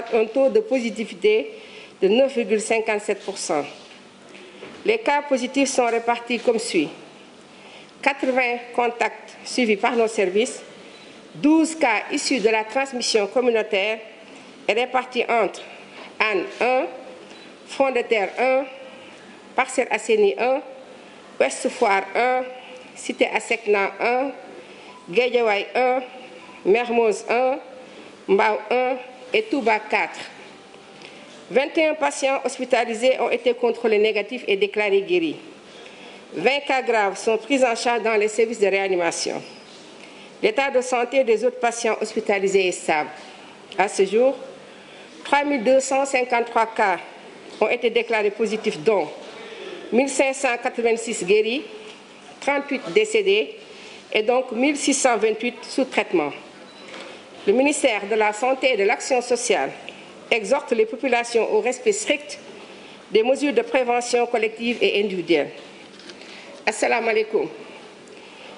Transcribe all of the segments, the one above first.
soit un taux de positivité de 9,57%. Les cas positifs sont répartis comme suit. 80 contacts suivis par nos services, 12 cas issus de la transmission communautaire et répartis entre Anne 1, Front de Terre 1, Parcelle Asseni 1, Ouest Foire 1, Cité Assecna 1, Guédiawaye 1, et Touba 4. 21 patients hospitalisés ont été contrôlés négatifs et déclarés guéris. 20 cas graves sont pris en charge dans les services de réanimation. L'état de santé des autres patients hospitalisés est stable. À ce jour, 3253 cas ont été déclarés positifs, dont 1586 guéris, 38 décédés et donc 1628 sous traitement. Le ministère de la Santé et de l'Action sociale exhorte les populations au des mesures de prévention collective et individuelle. asalaamaaleykum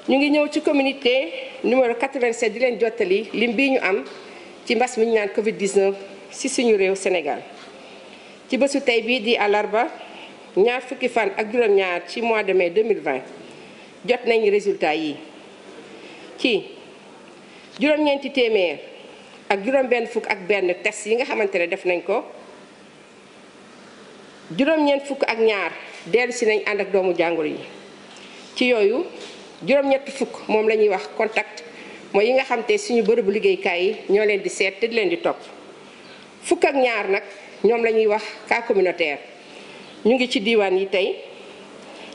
ñu ngi ñëw ci communauté numéro 87 di leen jottali lim bii ñu am ci mbas mi ñu naan Covid 19 ci suñu réew Sénégal ci bésu tey bii di àllarba ñaar fukki fan ak juróom ci mois de mai 2020 jot nañu résultat yi ci. juróom-ñeenti téeméer ak juróom-benn fukk ak benn test yi nga xamante ne def nañ ko juróom-ñeent fukk ak ñaar dellusi nañ ànd ak doomu jàngoro yi ci yooyu juróom-ñett fukk moom lañuy wax contact mooy yi nga xam suñu bërëbu liggéeykaay yi ñoo leen di seet te leen di topp fukk ak nag ñoom la ñuy wax cas communautaire ñu ngi ci diiwaan yi tey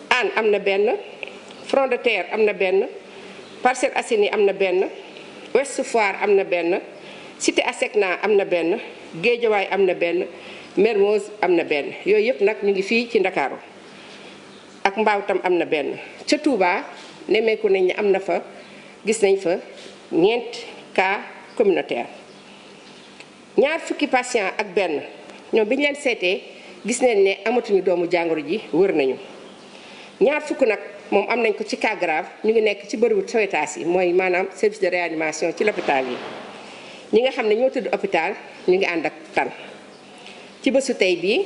Hann am na benn Front de Terre am na benn Parcelles Assainies am na benn Ouest Foire am na benn Cité Asecna am na benn Géejawaay am na benn Mermoz am na benn yooyu yëpp nag ñu ngi fii ci Ndakaaru ak Mbaaw tam am na benn ca Touba nemmeeku nañ ne am na fa gis nañ fa ñeent cas communautaire ñaar fukki patient ak benn ñoom bi ñu leen seetee gis nañ ne amatuñu doomu jàngoro ji wër nañu ñaar fukk nag moom am nañ ko ci cas grave ñu ngi nekk ci bëriwul soetaas yi mooy maanaam service de réanimation ci l'hôpital yi ñi nga xam ne ñoo tëdd hôpital ñu ngi ànd ak tan ci bésu tey bii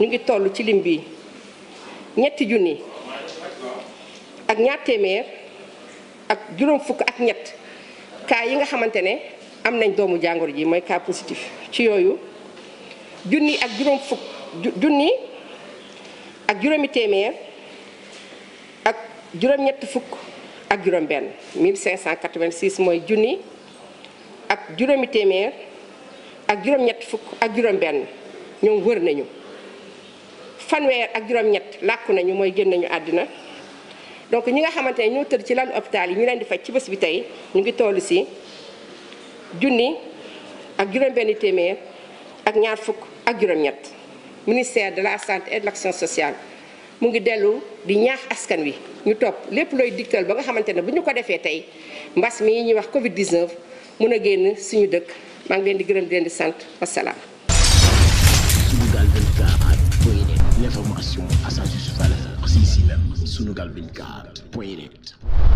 ñu ngi toll ci lim bi ñetti junni ak ñaar téeméer ak juróom fukk ak ñett cas yi nga xamante ne am nañ doomu jàngoro ji mooy cas positif ci yooyu junni ak juróom fukk junni ak juróomi téeméer juróom-ñetti fukk ak juróom-benn 1586 mooy junni ak juróomi téeméer ak juróom-ñetti fukk ak juróom-benn ñoom wër nañu fanweer ak juróom-ñett làkku nañu mooy génn nañu àddina donc ñi nga xamante ne ñoo tëdd ci lalu hôpital yi ñu leen di faj ci bés bi tey ñu ngi toll si junni ak juróom-benn téeméer ak ñaar fukk ak juróom-ñett ministère de la santé et de l'action sociale. mu ngi dellu di ñaax askan wi ñu topp lépp looy digtal ba nga xamante ne bu ñu ko defee tey mbas mi ñuy wax Covid mun a génn suñu dëkk maa ngi leen di gërëm leen di sant wasalaam. Sunugal 24 point net l'information à